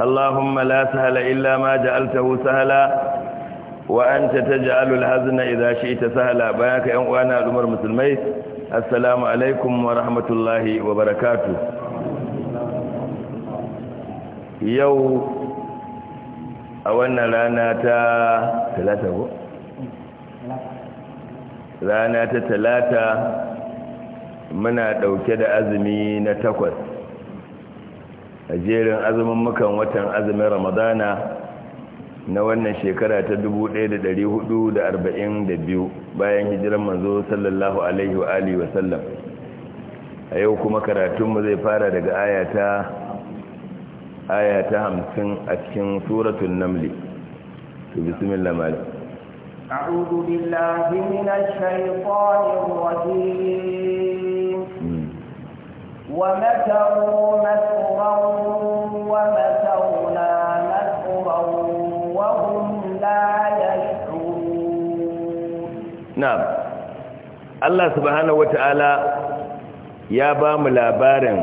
اللهم لا سهل إلا ما جعلته سهلا وأنت تجعل الحزن إذا شئت سهلا بياك وأنا الأمر مسلمي السلام عليكم ورحمة الله وبركاته يو أولنا لنا تا ثلاثة rana ta talata muna ɗauke da azumi na takwas a jerin azumin mukan watan azumin ramadana na wannan shekara ta 1442 bayan hijiran manzo sallallahu alaihi wa alihi wa sallam a yau kuma karatunmu zai fara daga ayata ayata 50 a cikin suratul namli to bismillah malik a'udhu billahi minash shaitanir rajim ومكروا مكرا ومكرنا مكرا ya ba mu labarin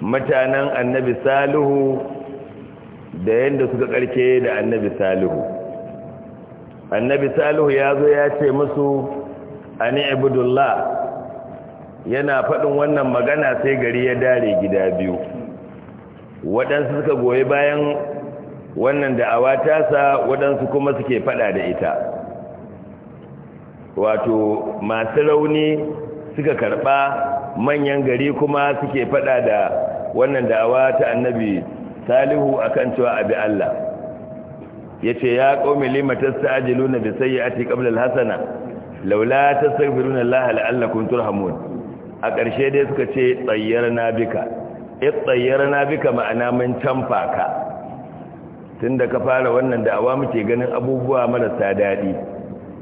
mutanen annabi salihu da yadda suka karke da annabi salihu annabi salihu ya zo ya ce musu ani abdullah yana faɗin wannan magana sai gari ya dare gida biyu waɗansu suka goyi bayan wannan da'awa tasa waɗansu kuma suke faɗa da ita wato masu rauni suka karɓa manyan gari kuma suke faɗa da wannan awa ta annabi salihu akan cewa abi Allah ya ce ya ƙaumi limatar sa'ajilu na bisayi a ti hasana laula ta sarfi runar turhamun a ƙarshe dai suka ce tsayyar na bika ya eh, tsayyar na bika ma'ana mun canfa ka tun da ka fara wannan da awa muke ganin abubuwa marasa daɗi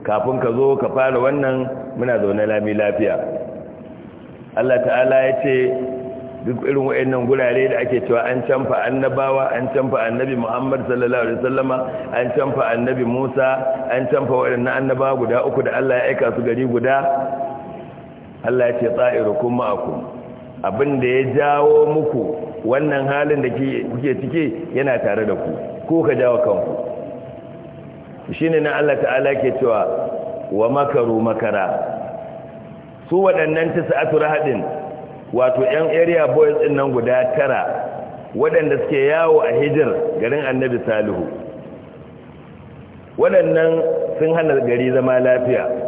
kafin ka zo ka fara wannan muna zaune lami lafiya Allah ta'ala ya ce duk irin nan gurare da ake cewa an canfa annabawa an canfa annabi Muhammad sallallahu alaihi wasallama an canfa annabi Musa an canfa waɗannan annabawa guda uku da Allah ya aika su gari guda Allah ya ce tsa'irukum ma'akum abin da ya jawo muku wannan halin da kuke cike yana tare da ku ko ka jawo kanku ne na Allah ta'ala ke cewa wa makaru makara su waɗannan ta sa’atu rahadin wato yan area boys din nan guda tara waɗanda suke yawo a hijir garin annabi salihu waɗannan sun hana gari zama lafiya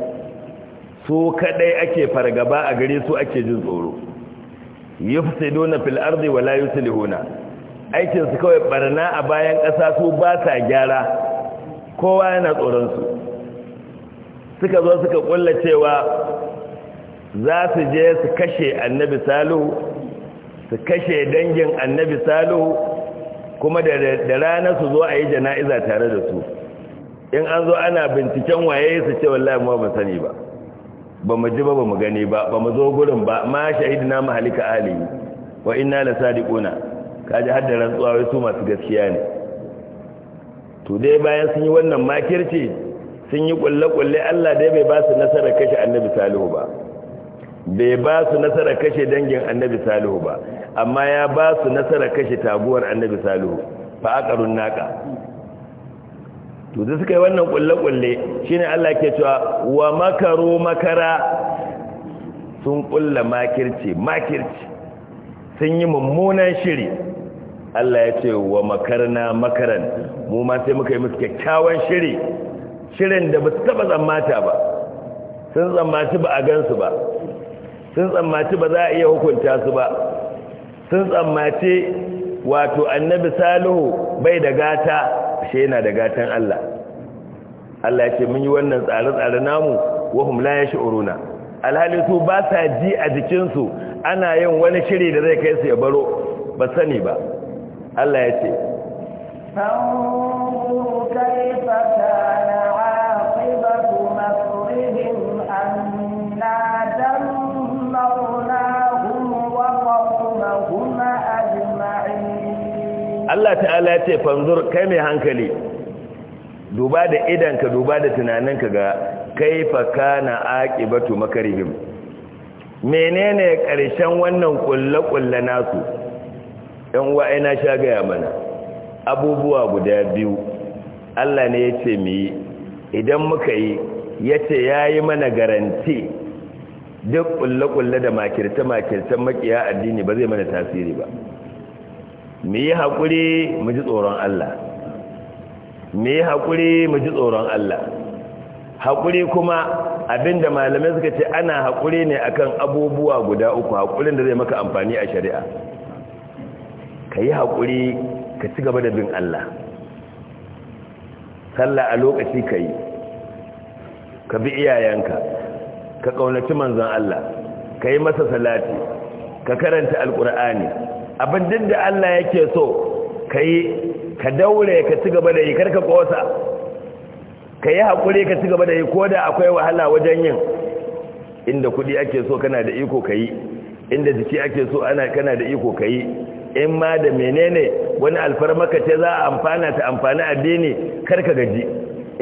su kadai ake fargaba a gare su ake jin tsoro yufsiduna fil ardi wala yuslihuna aikin su kawai barna a bayan ƙasa su ba sa gyara kowa yana tsoron su suka zo suka kulla cewa za su je su kashe annabi salihu su kashe dangin annabi salihu kuma da rana su zo a yi jana'iza tare da su in an zo ana binciken waye su ce wallahi ma ba sani ba ba mu ji ba ba mu gani ba ba mu zo gurin ba ma shahidina ma halika alihi wa inna la sadiquna kaji hadda rantsuwa wai su masu gaskiya ne to dai bayan sun yi wannan makirci sun yi kulle-kulle Allah dai bai ba su nasarar kashe annabi salihu ba bai ba su nasarar kashe dangin annabi salihu ba amma ya ba su nasarar kashe taguwar annabi salihu fa aqarun naqa to da suka yi wannan kulle-kulle shine Allah ke cewa wa makaro makara sun kulla makirci makirci sun yi mummunan shiri Allah ya ce wa makarna makaran mu ma sai muka yi musu kyakkyawan shiri shirin da ba su taba tsammata ba sun tsammaci ba a gansu ba sun tsammaci ba za a iya hukunta su ba sun tsammaci wato annabi salihu bai da gata ashe yana da gatan Allah Allah ya ce mun yi wannan tsare-tsare namu wahum la yash'uruna alhali su ba sa ji a jikinsu ana yin wani shiri da zai kai su ya baro ba sani ba Allah ya ce fa'u Allah ta'ala ya ce fanzur kai mai hankali duba da idanka duba da tunaninka ga kaifa kana aqibatu makarihim menene karshen wannan kulle-kulle nasu ɗan wa ina sha gaya mana abubuwa guda biyu Allah ne yace ce idan muka yi yace yayi mana garanti duk kulle-kulle da makirta makirtan makiya addini ba zai mana tasiri ba mu yi haƙuri mu ji tsoron Allah mu yi haƙuri mu ji tsoron Allah haƙuri kuma abinda malamai suka ce ana haƙuri ne akan abubuwa guda uku haƙurin da zai maka amfani a shari'a ka yi haƙuri ka ci gaba da bin Allah sallah a lokaci ka yi ka bi iyayenka ka ƙaunaci manzon Allah ka yi masa salati ka karanta alƙur'ani abin duk da Allah yake so ka yi ka daure ka ci gaba da yi karka kosa ka yi haƙuri ka ci gaba da yi ko da akwai wahala wajen yin inda kuɗi ake so kana da iko ka yi inda jiki ake so ana kana da iko ka yi in ma da menene wani alfarmaka ce za a amfana ta amfani addini karka gaji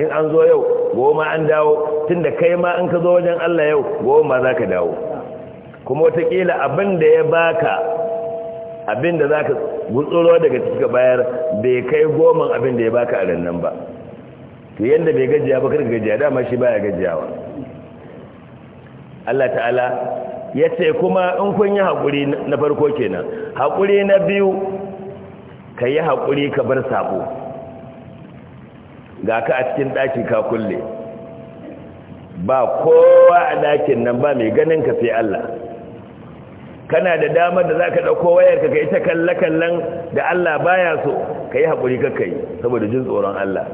in an zo yau goma an dawo tun da kai ma in ka zo wajen Allah yau goma za ka dawo kuma watakila abin da ya baka abinda za ka gutsuro daga ciki ka bayar bai kai goman abinda ya baka a rannan ba to yadda bai gajiya ba karka gajiya dama shi baya gajiyawa Allah ta'ala ya ce kuma in kun yi haƙuri na farko kenan haƙuri na biyu ka yi haƙuri ka bar sabo ga ka a cikin ɗaki ka kulle ba kowa a ɗakin nan ba mai ganin ka sai Allah kana da damar da za ka ɗauko wayar ka yi ta kalle-kallen da Allah baya so ka yi haƙuri kakka yi saboda jin tsoron Allah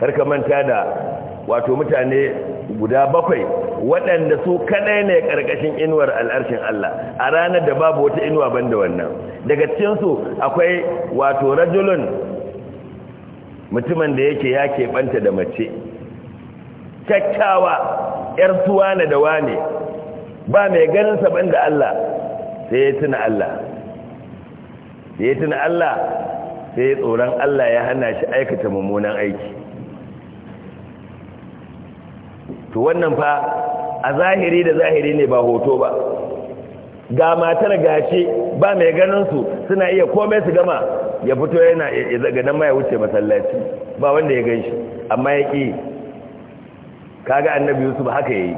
karka manta da wato mutane guda bakwai waɗanda su kaɗai ne ƙarƙashin inuwar al'arshin Allah a ranar da babu wata inuwa banda wannan daga cikinsu akwai wato rajulun mutumin da yake ya keɓanta da mace kyakkyawa ‘yar tuwa na da wane ba mai ganin saban da Allah sai ya tuna Allah da ya tuna Allah sai tsoron Allah ya hana shi aikata mummunan aiki to wannan fa a zahiri da zahiri ne ba hoto ba ga matar gashi ba mai ganinsu suna iya komai su gama ya fito yana zaga nan ma wuce masallaci ba wanda ya ganshi. amma ya ƙi kaga annabi yusuf haka ya yi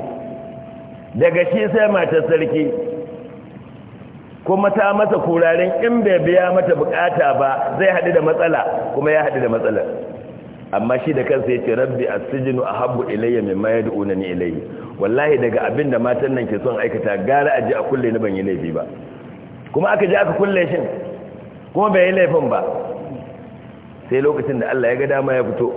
daga shi sai matar sarki kuma ta masa kuraren in bai biya mata bukata ba zai haɗu da matsala kuma ya haɗu da matsalar amma shi da kansa yake rabbi asjinu ahabbu ilayya mimma ni ilayhi wallahi daga abinda matan nan ke son aikata gara aje a kulle ni ban yi laifi ba kuma aka je aka kulle shin kuma bai yi laifin ba sai lokacin da Allah ya ga dama ya fito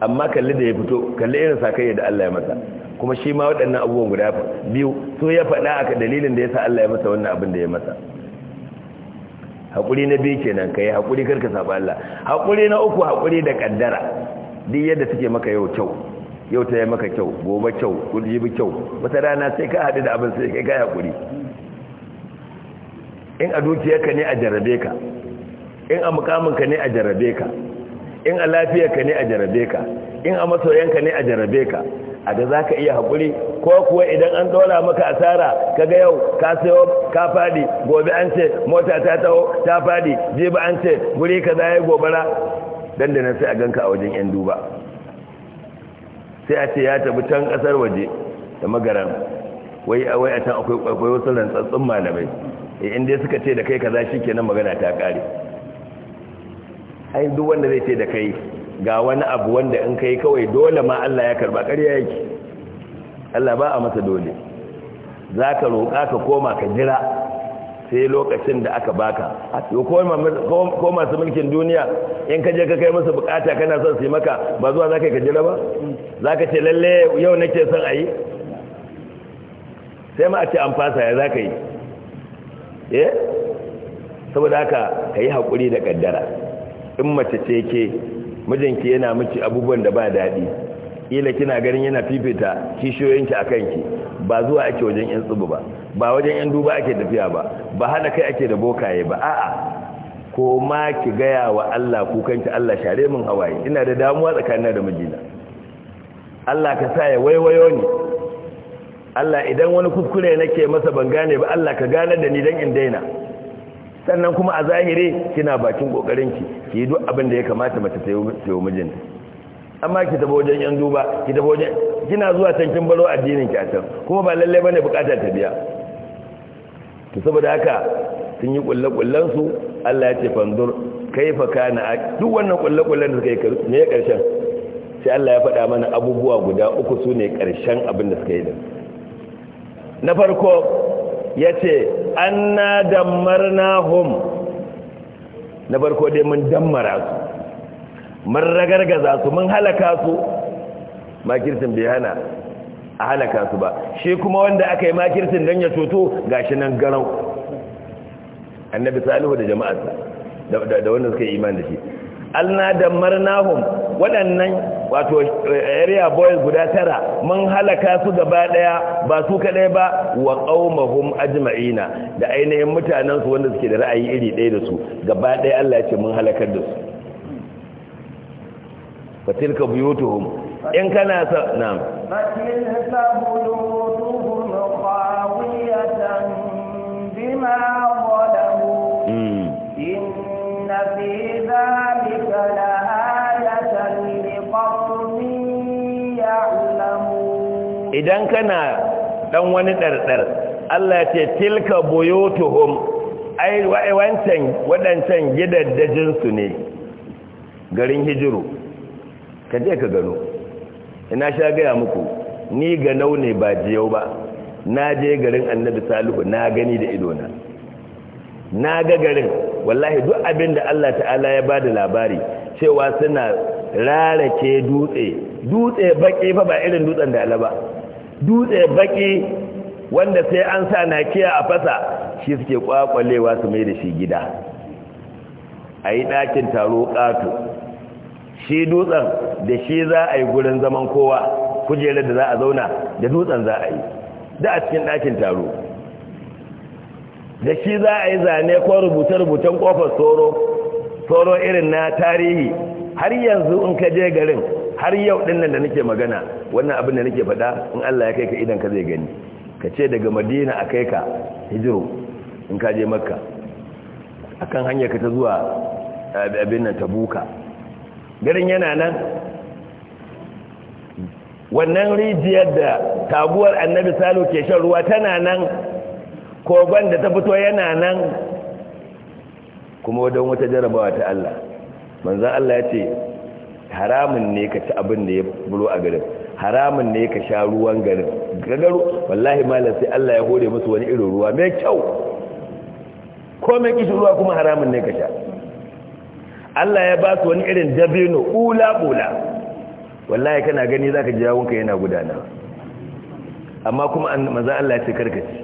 amma kalli da ya fito kalli irin sakayya da Allah ya masa kuma shi ma waɗannan abubuwan guda biyu so ya faɗa aka dalilin da yasa Allah ya masa wannan abin da ya masa haƙuri na biyu kenan ka yi haƙuri karka saba Allah haƙuri na uku haƙuri da ƙaddara duk yadda suke maka yau kyau yau ta yi maka kyau gobe kyau bi kyau wata rana sai ka haɗu da abin sai kai ka haƙuri in a dukiyarka ne a jarabe ka in a ka ne a jarabe ka in a lafiyarka ne a jarabe ka in a masoyanka ne a jarabe ka a da za ka iya haƙuri ko kuwa idan an ɗora maka asara ka ga yau ka sayo ka faɗi gobe an ce mota ta taho ta faɗi jibi an ce guri ka za gobara don da na sai a ganka a wajen 'yan duba sai a ce ya tabi can ƙasar waje da magaran wai a wai a can akwai wasu rantsatsun malamai eh, in dai suka ce da kai ka za shi kenan magana ta ƙare ai duk wanda zai ce da kai ga wani abu wanda in kai kawai dole ma Allah ya karba ƙarya yake Allah ba a masa dole za ka roƙa ka koma ka jira sai lokacin da aka baka ko masu mulkin duniya in ka je ka kai musu bukata kana son su yi maka ba zuwa za ka yi ka jira ba za ka ce lalle yau nake son a yi sai ma a ce an fasa ya za ka yi eh saboda haka ka yi haƙuri da ƙaddara in mace ce ke mijinki yana miki abubuwan da ba daɗi kila kina ganin yana fifita kishiyoyinki a kanki ba zuwa ake wajen yan tsubu ba ba wajen yan duba ake tafiya ba ba hada kai ake da bokaye ba a'a ko ma ki gaya wa Allah kukanki Allah share min hawaye ina da damuwa tsakanin da mijina Allah ka sa ya waiwayo ni Allah idan wani kuskure nake masa ban gane ba Allah ka gane da ni dan in daina sannan kuma a zahiri kina bakin kokarin ki ki yi duk abin da ya kamata mace ta yi mijinta amma ki tabo wajen yan duba ki tabo wajen kina zuwa can kin baro addinin ki a can kuma ba lalle bane bukatar ta biya to saboda haka sun yi kullu kullan su Allah ya ce fandur kaifa kana duk wannan kullu kullen da suka yi ne karshen sai Allah ya faɗa mana abubuwa guda uku sune karshen abin da suka yi da na farko ya ce an na dammar na hum na barko dai mun dammara su mun ragargaza su mun halaka su makirtin bai hana a halaka su ba shi kuma wanda aka yi makirtin don ya cuto gashi nan garau annabi salihu da jama'arsa da wanda suka yi iman da shi an na dammar hum waɗannan wato eh, area boys guda tara mun halaka su gaba daya ba su kadai ba wa qaumahum ajma'ina da ainihin mutanen su wanda suke da ra'ayi iri ɗaya da su gaba daya Allah ya ce mun halakar da su fatilka buyutuhum in kana sa na'am fatilka buyutuhum qawiyatan bima zalamu hmm. inna fi dhalika idan kana dan wani ɗarɗar Allah ce tilka buyutuhum ai wancan waɗancan gidaddajin su ne garin hijiru ka je ka gano ina sha gaya muku ni ga ne ba jiyau ba na je garin annabi salihu na gani da idona na ga garin wallahi duk abin da Allah ta'ala ya ba da labari cewa suna rarake dutse dutse baƙi fa ba irin dutsen da alaba dutse baki wanda sai an sa nakiya a fasa shi suke kwakwalewa su mai da shi gida a yi ɗakin taro ƙato shi dutsen da shi za a yi gurin zaman kowa kujerar da za a zauna da dutsen za a yi da a cikin ɗakin taro da shi za a yi zane ko rubuce-rubucen ƙofar tsoro tsoro irin na tarihi har yanzu in ka je garin har yau nan da nake magana wannan abin da nake faɗa in Allah ya kai ka idan ka zai gani ka ce daga madina a kai ka hijiru in ka je makka akan hanyar ka ta zuwa eh, abin nan ta buka. garin yana nan wannan rijiyar da tabuwar annabi salo ke shan ruwa tana nan kogon da ta fito yana nan kuma wadon wata jarabawa ta Allah manzan Allah ya ce haramun ne ka ci abin da ya bulo a garin haramun ne ka sha ruwan garin gagaru wallahi malam sai Allah ya hore musu wani irin ruwa mai kyau ko mai kishin ruwa kuma haramun ne ka sha Allah ya ba su wani irin dabino ula ula wallahi kana gani zaka ji yana gudana amma kuma manzo Allah ya ce karkaci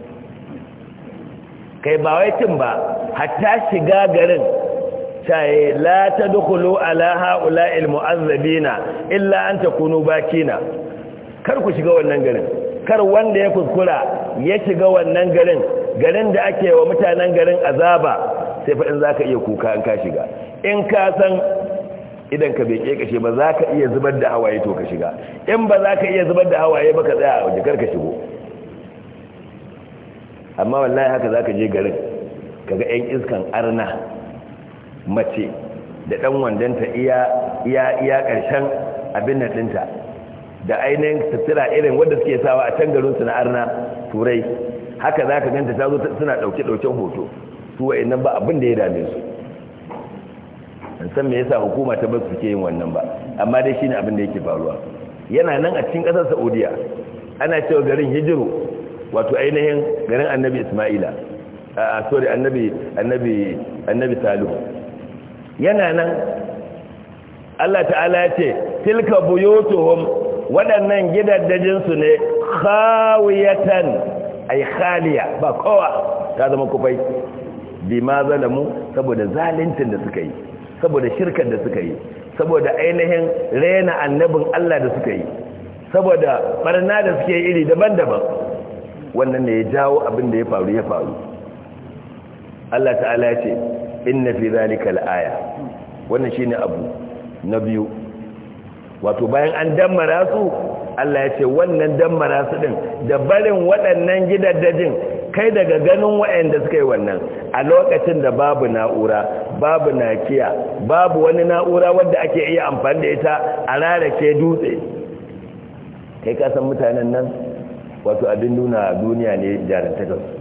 kai ba wai tin ba hatta shiga garin taye la ta dukulu ala ha'ula ilmu'azzabina illa an ta kunu bakina kar ku shiga wannan garin kar wanda ya kuskura ya shiga wannan garin garin da ake wa mutanen garin azaba sai fadin za ka iya kuka in ka shiga in ka san idan ka beke kashe ba za ka iya zubar da hawaye to ka shiga in ba za ka iya zubar da hawaye ba ka tsaya a wajen ka shigo amma wallahi haka za ka je garin kaga 'yan iskan arna mace da ɗan wandanta iya ƙarshen abin na da ainihin sutura irin wadda suke sawa a can garinsu na arna turai haka za ka ganta ta zo suna ɗauke-ɗauken hoto su wa inan ba abin da ya dame su an san me yasa hukuma ta basu suke yin wannan ba amma dai shine abin da yake faruwa yana nan a cikin ƙasar saudiya ana cewa garin hijiru wato ainihin garin annabi isma'ila a sori annabi salihu yana nan Allah ta'ala ya ce tilka buyutuhum waɗannan gidaddajinsu ne khawiyatan ay khaliya ba kowa ta zama kufai bima zalamu saboda zalincin da suka yi saboda shirkan da suka yi saboda ainihin rena annabin Allah da suka yi saboda barna da suke iri daban-daban wannan ne ya jawo abin da ya faru ya faru Allah ta'ala ya ce inna fi zalika al-aya wannan shine abu na biyu wato bayan an dammara su Allah ya ce wannan dammara su din da barin waɗannan gidaddajin kai daga ganin waɗanda suka yi wannan a lokacin da babu na'ura babu nakiya babu wani na'ura wadda ake iya amfani da ita a rarake dutse kai ka san mutanen nan wato abin nuna duniya ne jarantakarsu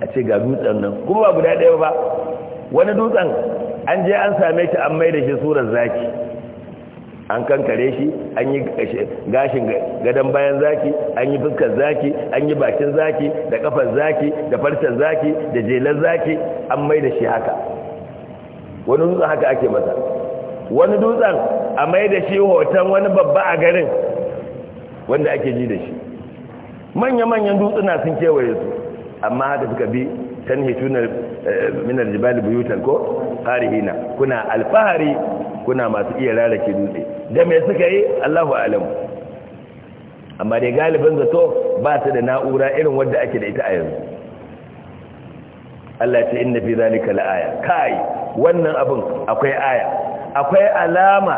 a ce ga dutsen nan kuma ba guda ɗaya ba wani dutsen an je an same shi an mai da shi surar zaki an kankare shi an yi gashin gadon bayan zaki an yi fuskar zaki an yi bakin zaki da kafar zaki da farcen zaki da jelar zaki an mai da shi haka wani dutsen haka ake masa wani dutsen a mai da shi hoton wani babba a garin wanda ake ji da shi manya-manyan dutsuna sun kewaye su amma haka suka bi hitunar eh, min aljibali buyutan ko harihina kuna alfahari kuna masu iya lalace dutse da me suka yi Allahu a'lam amma dai galibin zato ba su da na'ura irin wadda ake da ita a yanzu Allah ce inna fi zalika la'aya kai wannan abin akwai aya akwai alama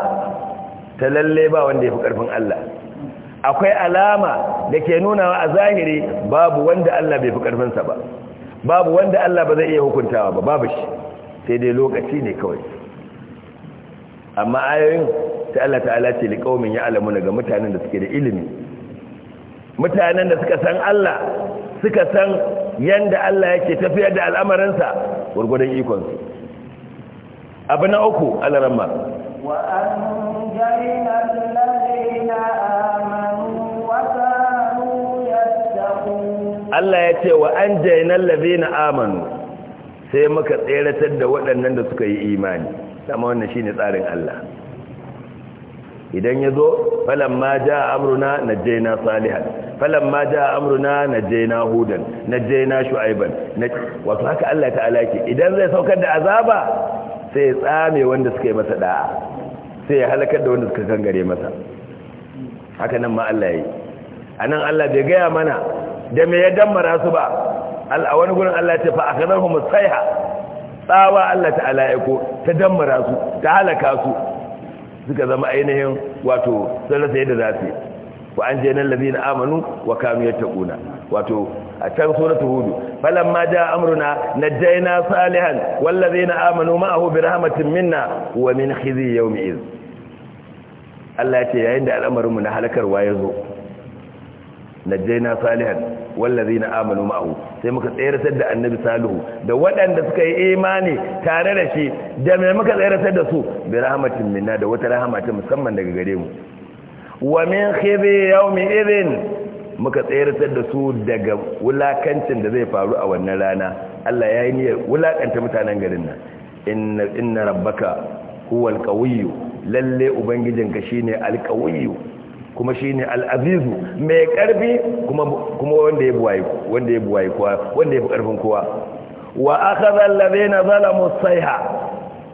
ta lalle ba wanda yafi karfin Allah akwai alama da ke nunawa a zahiri babu wanda Allah bai fi ƙarfinsa ba babu wanda Allah ba zai iya hukuntawa ba babu shi sai dai lokaci ne kawai amma ayoyin ta Allah ta'ala ce liƙaumin ya alamu daga mutanen da suke da ilimi mutanen da suka san Allah suka san yanda Allah yake tafiyar da al'amarinsa gurgudan ikonsu abu na uku alaramma Allah ya ce wa an jainan na amanu sai muka tseratar da waɗannan da suka yi imani sama wannan shi ne tsarin Allah idan ya zo falon ma ja amruna na jaina salihan falon ma ja amruna na jaina hudan na jaina shu'aiban wasu haka Allah ta'ala alaƙi idan zai saukar da azaba sai ya tsame wanda suka yi masa da'a sai ya halakar da wanda suka gangare masa haka nan ma Allah ya yi a nan Allah bai gaya mana da me ya dammara su ba a wani gurin Allah ce fa mu sayha tsawa Allah ta'ala ya ko ta dammara su ta halaka su suka zama ainihin wato sun rasa yadda za su yi wa an jainan na amanu wa kanu ya taƙuna wato a can ta hudu falon ma ja amurna na jaina salihan na amanu ma a bi rahmatin minna wa min yau yawmi iz Allah ce yayin da al'amarinmu na halakarwa ya zo na jaina salihan na amanu ma'ahu sai muka tsayar da annabi salihu da waɗanda suka yi imani tare da shi da me muka tsayar da su bi rahmatin minna da wata rahama ta musamman daga gare mu wa min khizi yawmi idhin muka tsayar da su daga wulakancin da zai faru a wannan rana Allah ya yi niyyar wulakanta mutanen garin nan inna inna rabbaka huwal qawiyyu lalle ubangijinka shine alqawiyyu kuma shi ne al'azizu mai ƙarfi kuma wanda ya buwaye wanda ya buwaye kowa wanda ya fi karfin kowa wa zallabe na zalamu sayha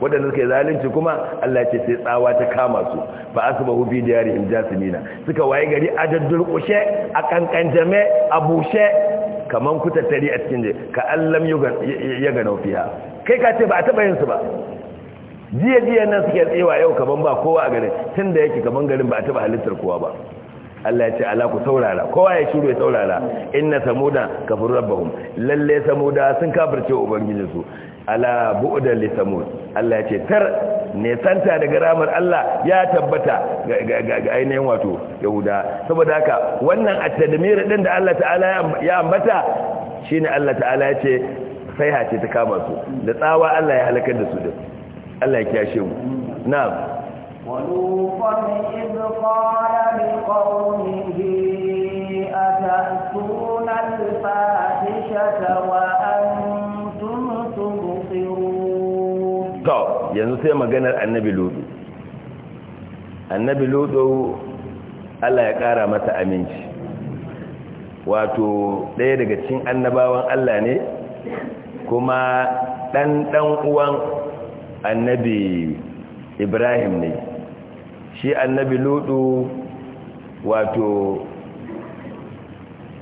waɗanda suka yi zalunci kuma Allah ce sai tsawa ta kama su ba a ba hufi da yari nina suka waye gari a daddurkushe a kankanjame a bushe kuta kutattari a cikin je ka allam ya gano fiya kai ka ce ba a taɓa yin su ba jiya jiya nan suke tsewa yau kaman ba kowa a garin tun da yake kaman garin ba a taba halittar kowa ba Allah ya ce ala ku saurara kowa ya shiru ya saurara inna samuda kafir rabbahum lalle samuda sun kafirce ubangijin su ala bu'da li samud Allah ya ce tar ne santa daga ramar Allah ya tabbata ga ainihin wato yahuda saboda haka wannan at-tadmir din da Allah ta'ala ya ambata shine Allah ta'ala ya ce sai ce ta kama su da tsawa Allah ya halakar da su din Allah ya kiyashe mu na'am yanzu sai maganar annabi ludu annabi lutu Allah ya kara mata aminci wato ɗaya daga cikin annabawan Allah ne kuma ɗan ɗan uwan annabi ibrahim ne shi annabi ludu wato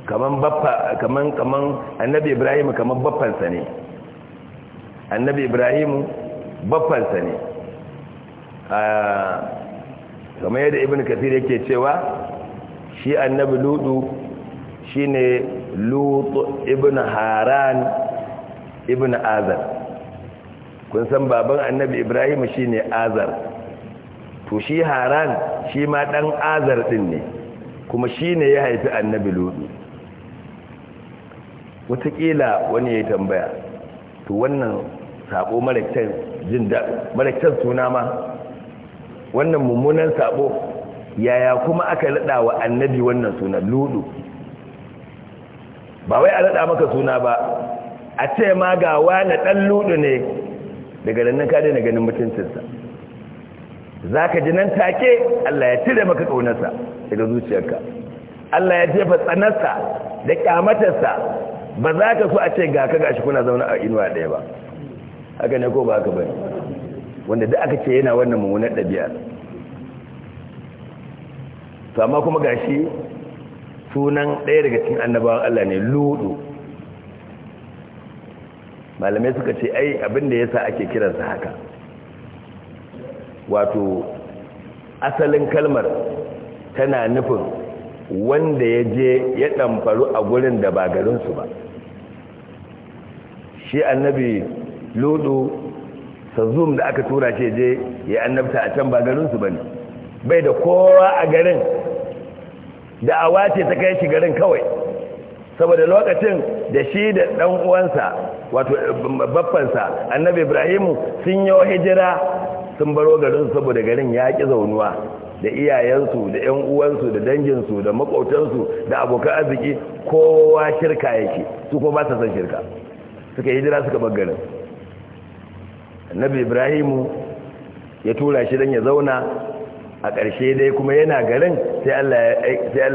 kaman baffa kaman kaman annabi ibrahim kaman baffansa ne annabi ibrahim baffansa ne kamar yadda ibn kafir yake cewa shi annabi ludu shine lut ibn haran ibn azar kun san baban annabi ibrahim shi ne azar to shi haran shi ma dan azar din ne kuma shi ne ya haifi annabi lodi watakila wani ya tambaya to wannan sabo maraktar jin da suna ma wannan mummunan sabo yaya kuma aka laɗa wa annabi wannan suna ludu ba wai a laɗa maka suna ba a ce ma ga na dan ludu ne daga nan ka daina ganin mutuncinsa za ka ji nan take Allah ya cire maka ƙaunarsa daga zuciyarka Allah ya jefa tsanarsa da ƙyamatarsa ba za ka so a ce ga ka gashi kuna zaune a inuwa ɗaya ba haka ne ko ba haka bane wanda duk aka ce yana wannan mummunar ɗabi'ar to amma kuma gashi sunan ɗaya daga cikin annabawan Allah ne ludu malamai suka ce ai abin da yasa ake kiransa haka wato asalin kalmar tana nufin wanda ya je ya ɗamfaru a gurin da ba garinsu ba shi annabi lodo sazum da aka tura shi je ya annabta a can ba garinsu ba ne bai da kowa a garin da ce ta kai shi garin kawai saboda lokacin da shi da ɗan uwansa wato baffansa annabi ibrahimu sun yi hijira sun baro garinsu saboda garin ya ki zaunuwa da iyayensu da yan uwansu da danginsu da makwautansu da abokan arziki kowa shirka yake su kuma ba sa san shirka suka hijira suka bar garin annabi ibrahimu ya tura shi don ya zauna a ƙarshe dai kuma yana garin sai Allah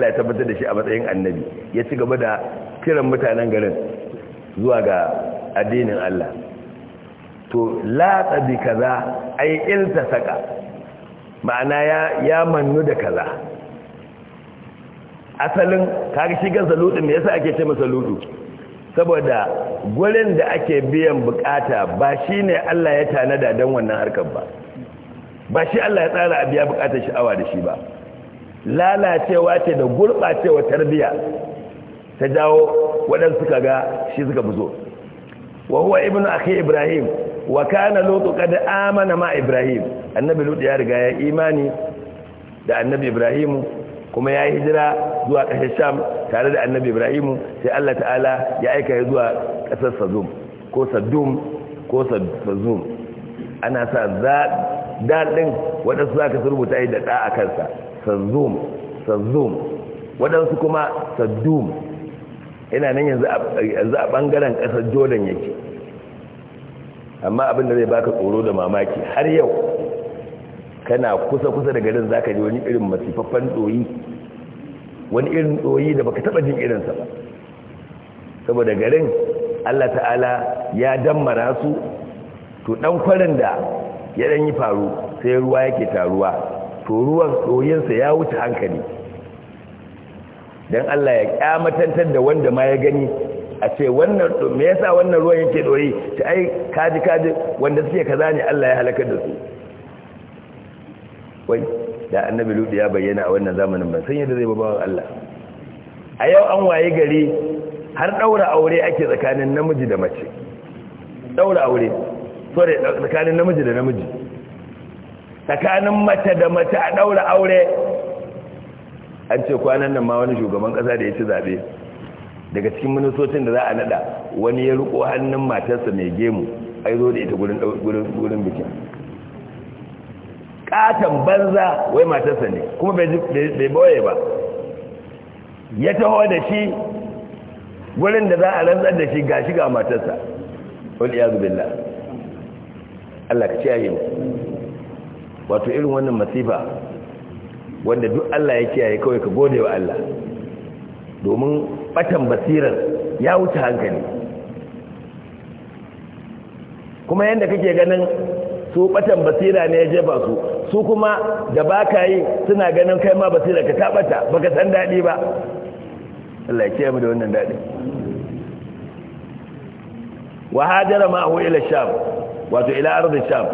ya tabbatar da shi a matsayin annabi ya ci gaba da kiran mutanen garin zuwa ga addinin Allah to latsa bi kaza ai ilta saka ma'ana ya ya mannu da kaza asalin kaga shi gansa lutu me yasa ake ce masa saboda gurin da ake biyan bukata ba shine Allah ya tanada dan wannan harkar ba ba shi Allah ya tsara abiya biya bukatar sha'awa da shi ba lalacewa ce da gurɓacewa tarbiya ta jawo waɗansu kaga shi suka fi Wahuwa ibnu akhi ibrahim wa kana lutu qad amana ma ibrahim annabi lutu ya riga ya imani da annabi ibrahim kuma ya hijira zuwa ƙasar sham tare da annabi ibrahim sai Allah ta'ala ya aika ya zuwa ƙasar sadum ko sadum ko sadum ana sa za dadin wadansu zaka rubuta da da a kansa sadum sadum wadansu kuma sadum yana nan yanzu a bangaren kasar jordan yake amma abin da zai baka tsoro da mamaki har yau kana kusa-kusa da garin zaka ji wani irin masifaffen doyi wani irin doyi da baka taba jin irinsa ba saboda garin allah ta'ala ya dammara su to dan kwarin da ya dan yi faru sai ruwa yake taruwa to ruwan doyinsa ya wuce hankali don Allah ya kyamatantar da wanda ma ya gani a ce wannan me yasa wannan ruwan yake dori ta ai kaji kaji wanda suke kaza ne Allah ya halaka da su wai da annabi ludi ya bayyana a wannan zamanin ban san yadda zai babawan Allah a yau an waye gari har daura aure ake tsakanin namiji da mace daura aure sorry tsakanin namiji da namiji tsakanin mace da mace a daura aure an ce kwanan nan ma wani shugaban kasa da ya ci zaɓe daga cikin ministocin da za a nada wani ya riko hannun matarsa mai gemu ai zo da ita gudun bikin katon banza wai matarsa ne kuma bai bauye ba ya taho da shi gudun da za a rantsar da shi ga ga matarsa wani ya zubin Allah ka ciyayi wato irin wannan masifa wanda duk Allah ya kiyaye kawai ka gode wa Allah domin batan basirar ya wuce hankali kuma yadda kake ganin su batan basira ne ya jefa su su kuma da baka yi suna ganin kai ma basira ka tabata baka san daɗi ba Allah ya kiyaye mu da wannan daɗi wa hajara ma ila sham wato ila ardi sham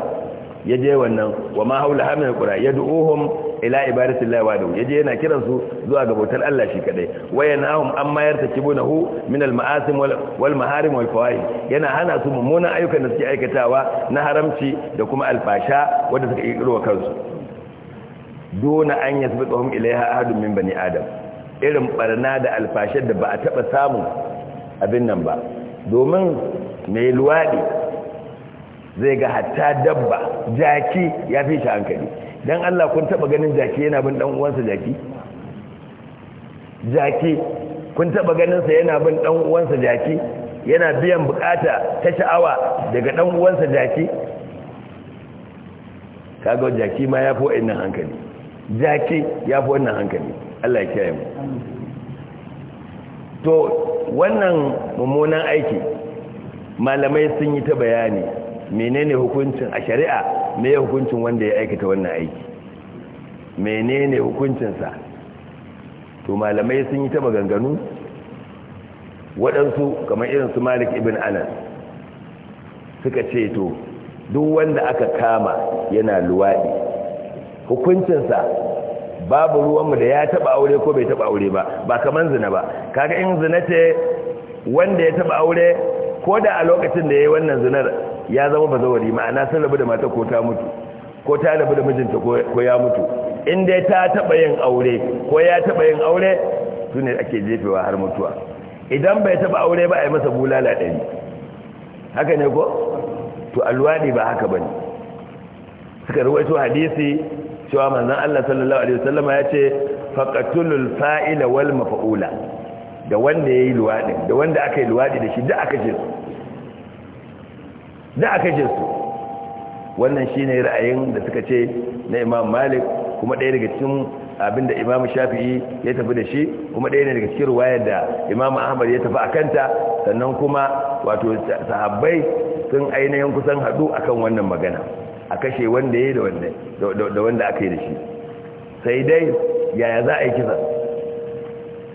ya je wannan wa ma haula hamin qura yad'uhum ila ibadatillahi wahdahu ya je yana kiran su zuwa ga bautar Allah shi kadai wayanahum amma yartakibunahu min alma'asim wal wal maharim wal fawaid yana hana su mummunan ayyukan da suke aikatawa na haramci da kuma alfasha wanda suka kirkiro kansu dona an yasbiqahum ilaiha ahadun min bani adam irin barna da alfashar da ba a taba samu abin nan ba domin mai luwadi zai ga hatta dabba jaki ya fi shi hankali don allah kun taba ganin jaki yana bin dan uwansa jaki jaki kun taba ganinsa yana bin dan uwansa jaki yana biyan bukata ta sha'awa daga dan uwansa jaki kaga jaki ma ya fi wa'in hankali jaki ya fi wannan hankali allah ya kiyaye mu to wannan mummunan aiki malamai sun yi ta bayani menene hukuncin a shari'a me ya hukuncin wanda ya aikata wannan aiki menene hukuncinsa to malamai sun yi ta maganganu waɗansu kamar irin su malik ibn anas suka ce to duk wanda aka kama yana luwaɗi hukuncinsa babu ruwanmu da ya taɓa aure ko bai taɓa aure ba ba kamar zina ba kaga in zina ce wanda ya taɓa aure ko da a lokacin da ya yi wannan zinar ya zama bazawari ma'ana sun rabu da mata ko ta mutu ko ta rabu da mijinta ko ya mutu inda ta taba yin aure ko ya taba yin aure sune ake jefewa har mutuwa idan bai taba aure ba a yi masa bulala ɗari haka ne ko to alwadi ba haka ne suka rawaito hadisi cewa manzon Allah sallallahu alaihi wasallama ya ce faqatulul fa'ila wal mafa'ula da wanda yayi luwadi da wanda aka yi luwaɗi da shi da aka ce da aka je su wannan shine ra'ayin da suka ce na imam malik kuma ɗaya daga cikin abinda imam shafi'i ya tafi da shi kuma ɗaya ne daga cikin ruwayar da imam ahmad ya tafi a kanta sannan kuma wato sahabbai sun ainihin kusan haɗu akan wannan magana a kashe wanda ya da wanda aka yi da shi sai dai yaya za a yi kisa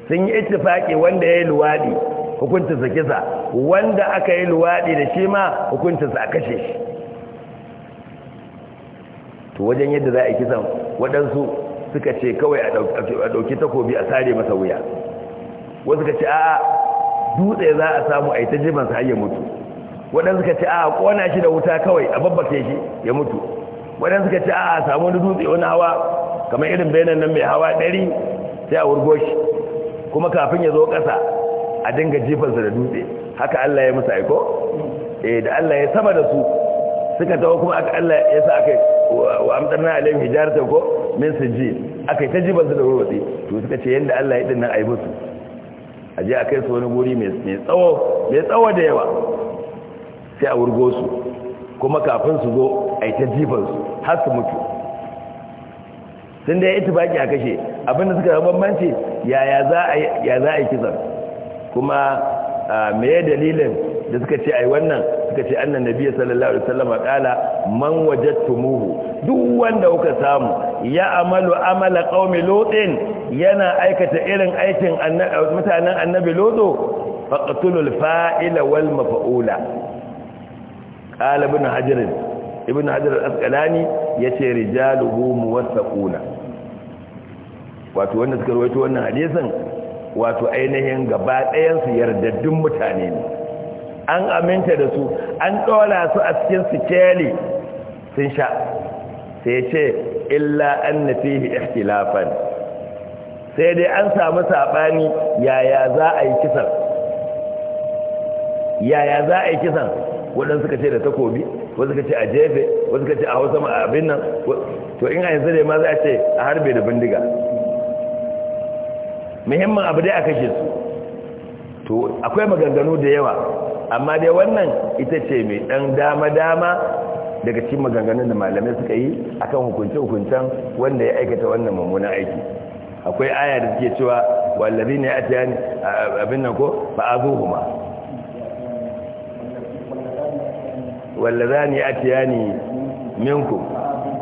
sun yi ittifaƙi wanda ya yi luwaɗi hukuncinsa kisa wanda aka yi luwaɗi da shi ma hukuncinsa a kashe shi to wajen yadda za a yi kisan waɗansu suka ce kawai a ɗauki takobi a sare masa wuya wasu ka ce a dutse za a samu a yi ta jimansa har ya mutu waɗansu ka ce a ƙona shi da wuta kawai a babbake shi ya mutu waɗansu ka ce a samu wani dutse wani hawa kamar irin bayanan nan mai hawa ɗari sai a wurgo shi kuma kafin ya zo ƙasa a dinga jifansa da dutse haka Allah ya musa aiko eh da Allah ya sama da su suka tawo kuma aka Allah ya sa aka wa amdarna alaihim hijaratan ko min sijil aka ta jifansa da ruwatsi to suka ce yanda Allah ya dinnan ayi musu aje a kai su wani guri mai tsawo mai tsawo da yawa sai a wurgo su kuma kafin su zo ai ta jifansu har su mutu sun da ya iti baki a kashe abinda suka manci yaya za a yi kisan kuma meye dalilin da suka ce a yi wannan suka ce annan nabi sallallahu alaihi wasallam kala man tumuhu? duk wanda kuka samu ya amalu amala qaumi lutin yana aikata irin aikin mutanen annabi lutu faqtulul fa'ila wal maf'ula qala ibn hajar ibn hajar al-asqalani yace rijaluhu muwassaquna wato wanda suka rawaito wannan hadisin wato ainihin gaba ɗayansu yardaddun mutane ne an aminta da su an ɗola su a cikin sikeli sun sha sai ce illa an na fihi ihtilafan sai dai an samu saɓani yaya za a yi kisan yaya za a yi kisan waɗansu suka ce da takobi wasu suka ce a jefe wasu suka ce a hausa abin nan to in a yanzu ne ma za a ce a harbe da bindiga muhimmin abu dai a kashe su to akwai maganganu da yawa amma dai wannan ita ce mai dan dama-dama daga cikin maganganun da malamai suka yi akan hukunce-hukuncen wanda ya aikata wannan mummunan aiki akwai aya da suke cewa wallabi ne a tiyani abin nan ko ba a zo kuma wallazani a tiyani minku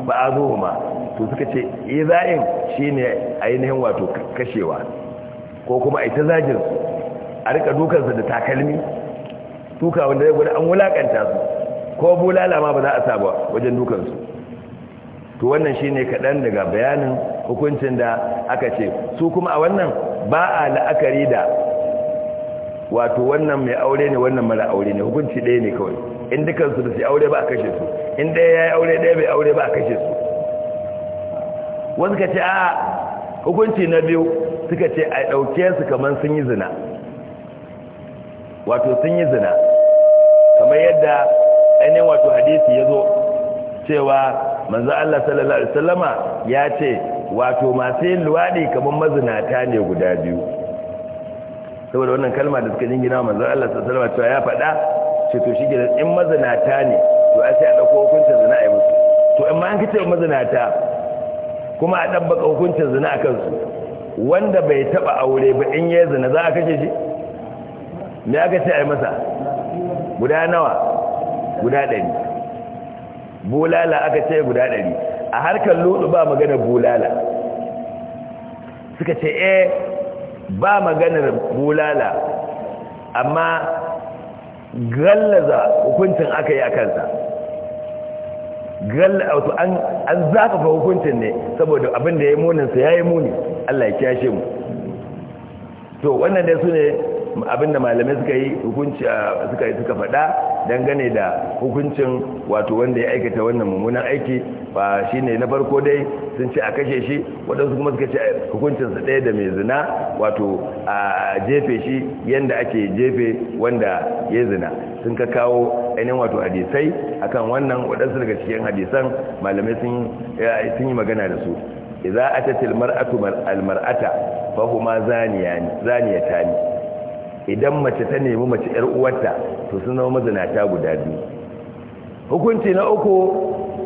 ba a kuma to suka ce iza'in shi ne ainihin wato kashewa ko kuma a ta zagin su a rika dukansu da takalmi duka wanda zai gudu an wulakanta su ko bulala ma ba za a saba wajen dukansu to wannan shi ne kaɗan daga bayanin hukuncin da aka ce su kuma a wannan ba a la'akari da wato wannan mai aure ne wannan mara aure ne hukunci ɗaya ne kawai in dukansu da su aure ba a kashe su in ɗaya ya yi aure ɗaya mai aure ba a kashe su wasu ka ce a hukunci na biyu suka ce a ɗauke su kamar sun yi zina wato sun yi zina kamar yadda ainihin wato hadisi ya zo cewa manzo Allah sallallahu alaihi wasallama ya ce wato masu yin luwaɗi kamar mazinata ne guda biyu saboda wannan kalma da suka gina manzo Allah sallallahu alaihi wasallama ya faɗa ce to shi gidan in mazinata ne to a sai a ɗauko hukuncin zina a yi musu to in ma an kace mazinata kuma a ɗabbaka hukuncin zina a kansu wanda bai taba aure ba in ya zina za a kashe shi me aka ce a yi masa guda nawa guda ɗari bulala aka ce guda ɗari a harkar lulu ba magana bulala suka ce eh ba maganar bulala amma gallaza hukuncin aka yi a kansa galla wato an zafafa hukuncin ne saboda abin da ya yi sa ya yi muni Allah ya kyashe mu to wannan dai su ne abinda malamai suka yi hukunci suka yi suka faɗa dangane da hukuncin wato wanda ya aikata wannan mummunan aiki ba shine na farko dai sun ce a kashe shi waɗansu kuma suka ce hukuncin su ɗaya da mai zina wato a jefe shi yanda ake jefe wanda ya zina sun ka kawo ainihin wato hadisai akan wannan waɗansu daga cikin hadisan malamai sun eh, yi magana da su idza atat almar'atu almar'ata fa huma zaniyani idan mace ta nemi mace yar uwarta to suna mazinata guda biyu hukunci na uku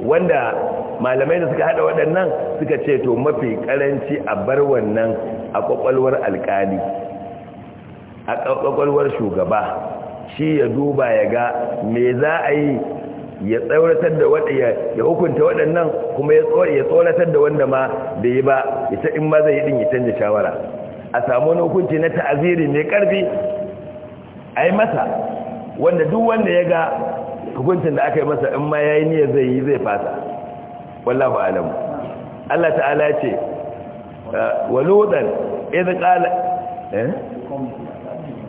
wanda malamai da suka hada waɗannan suka ce to mafi karanci a bar wannan a kwakwalwar alkali a kwakwalwar shugaba shi ya duba ya ga me za a yi ya tsauratar da waɗanda ya hukunta waɗannan kuma ya tsoratar da wanda ma da yi ba ita in ma zai yi din ya canja shawara a samu wani hukunci na ta'aziri mai karfi a yi masa wanda duk wanda ya ga hukuncin da aka yi masa in ma ya yi niyyar zai yi zai fasa wallahu alam Allah ta'ala ce waludan idan qala eh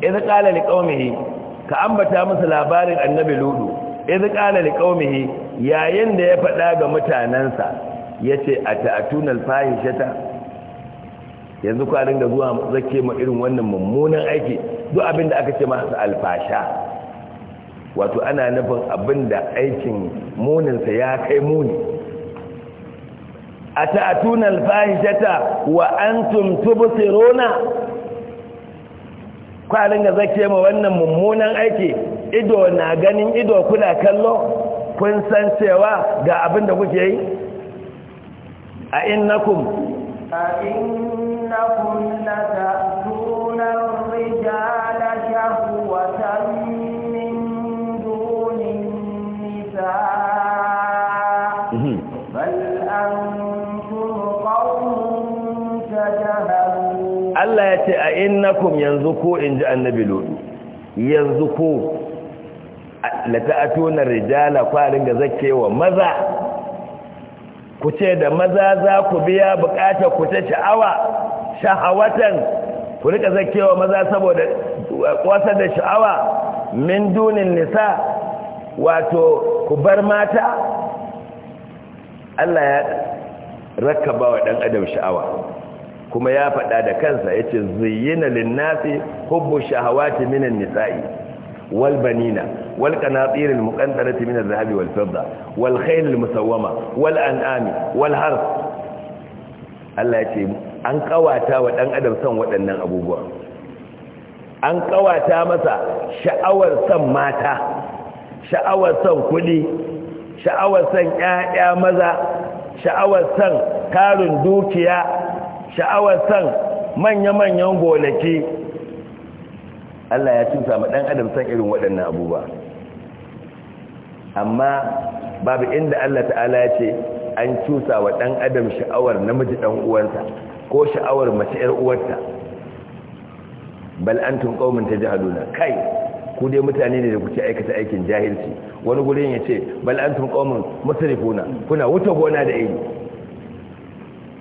idan qala liqaumihi ka ambata musu labarin annabi lud idh qala liqaumihi yayin da ya faɗa ga mutanansa yace ata'tunal fahishata yanzu ku da zuwa zake ma irin wannan mummunan aiki duk abin da aka ce masu alfasha wato ana nufin abin da aikin muninsa ya kai muni ata'tunal fahishata wa antum tubsiruna kwarin da zake ma wannan mummunan aiki ido na ganin ido kuna kallo kun san cewa ga abin da kuke yi a innakum a innakum la ta ar Allah ya ce a innakum yanzu ko in ji annabi lodu yanzu ko ta'atuna rijala kwarin ga zakewa maza ku ce da maza za ku biya bukatar ku ta sha'awa shahawatan ku rika zakewa maza saboda wasa da sha'awa min dunin nisa wato ku bar mata Allah ya rakaba wa dan adam sha'awa kuma ya faɗa da kansa ya ce zayyana linnasi hubbu shahawati minan nisa'i wal banina wal qanatir al muqantarati min zahabi wal fidda wal khayl al musawwama wal an'ami wal harf Allah ya ce an kawata wa dan adam san waɗannan abubuwa an kawata masa sha'awar san mata sha'awar san kudi, sha'awar san ƴaƴa maza sha'awar san karin dukiya sha'awar san manya-manyan gonaki Allah ya cusa samu ɗan adam san irin waɗannan abubuwa amma babu inda Allah ta'ala ya ce an cusa wa ɗan adam sha'awar namiji ɗan uwansa ko sha'awar mace ‘yar uwarta bal'antun ƙaumin ta jihaduna kai ku dai mutane ne da kuke aikata aikin jahilci wani gurin ya ce bal'antun ƙaumin masarifuna kuna wuta gona da iri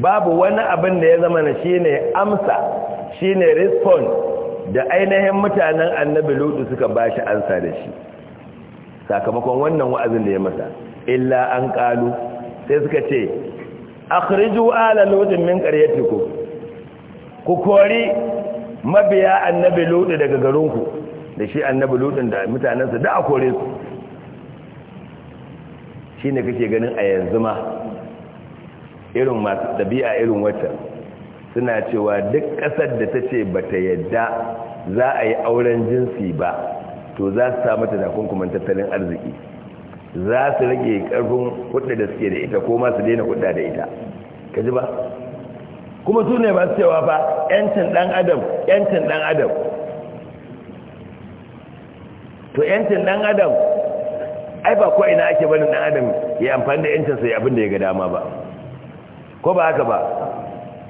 babu wani abin da ya zama na shi ne amsa shi ne response da ainihin mutanen annabi lutu suka ba shi ansa da shi sakamakon wannan wa'azin da ya masa illa an ƙalu sai suka ce akhriju ala lutin min qaryatikum ku kori mabiya annabi lutu daga garinku da shi annabi ludun da mutanensu da a su shine kake ganin a yanzu ma irin masu ɗabi'a irin wata suna cewa duk ƙasar da ta ce ba ta yadda za a yi auren jinsi ba to za su samu ta takunkuman tattalin arziki za su rage ƙarfin hudda da suke da ita ko ma su daina hudda da ita ka ji ba kuma su ne masu cewa ba 'yancin ɗan adam 'yancin ɗan adam to 'yancin ɗan adam ai ba kawai ina ake barin ɗan adam ya amfani da 'yancinsa ya abin da ya ga dama ba ko ba haka ba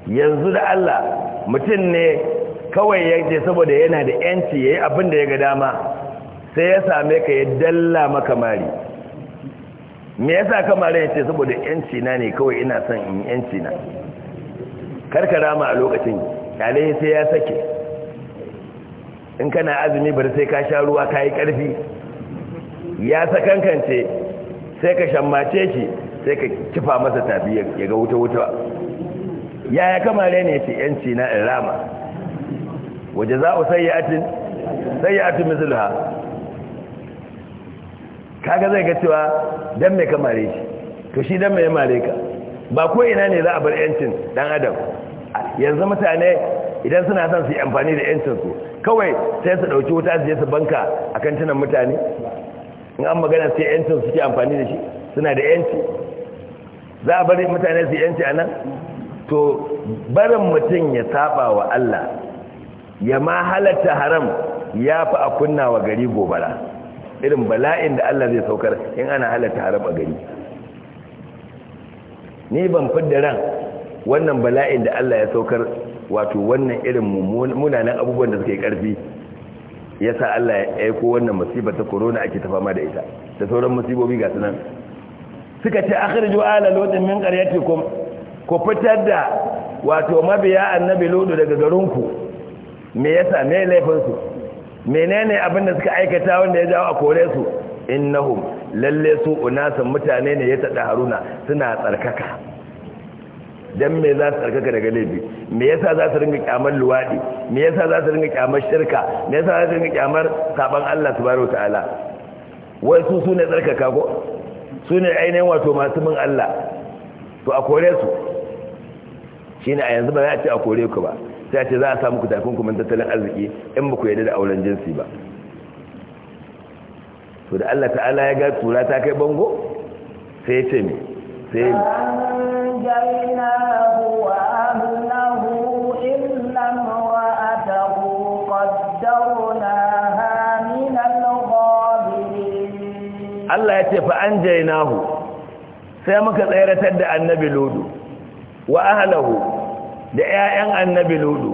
yanzu da Allah mutum ne kawai yake saboda yana da yanci yayi abin da ya ga dama sai ya same ka ya dalla maka mari me yasa kamar ya ce saboda yanci na ne kawai ina son in yanci na karkara ma a lokacin dalai sai ya sake in kana azumi bari sai ka sha ruwa ka karfi ya sakankance sai ka shammace shi sai ka kifa masa tafi ya ga wuta-wuta yaya kama ne ce yanci na irama waje za a sayyatin sayyatin mizulha kaga zai ga cewa don mai kamare shi to shi don mai mare ka ba ko ina ne za a bar yancin dan adam yanzu mutane idan suna son su yi amfani da yancinsu kawai sai su ɗauki wuta su je su banka a kantinan mutane in an magana sai yancin suke amfani da shi suna da yanci za a bari mutane su yanci a nan to barin mutum ya saba wa Allah ya ma halatta haram ya fi a kunna wa gari gobara irin bala'in da Allah zai saukar in ana halatta haram a gari ni ban fidda ran wannan bala'in da Allah ya saukar wato wannan irin munanan abubuwan da suke karfi ya sa Allah ya aiko wannan musibar ta corona ake ta fama da ita da sauran musibobi ga sunan suka ce akhriju ala lutin min qaryatikum ku fitar da wato mabiya annabi ludu daga garinku me yasa me laifin su menene abin da suka aikata wanda ya jawo a kore su innahum lalle su unasan mutane ne ya tada haruna suna tsarkaka dan me za su tsarkaka daga laifi me yasa za su ringa kyamar luwadi me yasa za su ringa kyamar shirka me yasa za su ringa kyamar saban Allah subhanahu wataala wai su su ne tsarkaka ko su ne ainihin wato masu min Allah to a kore su shi ne a yanzu ba za a ce a kore ku ba sai a ce za a samu ku tafin kuma tattalin arziki in ba ku yadda da auren jinsi ba to da Allah ta'ala ya ga tura ta kai bango sai ya ce me sai ya Allah ya ce fa an jainahu sai muka tsayaratar da annabi ludu wa ahlahu da ƴaƴan annabi ludu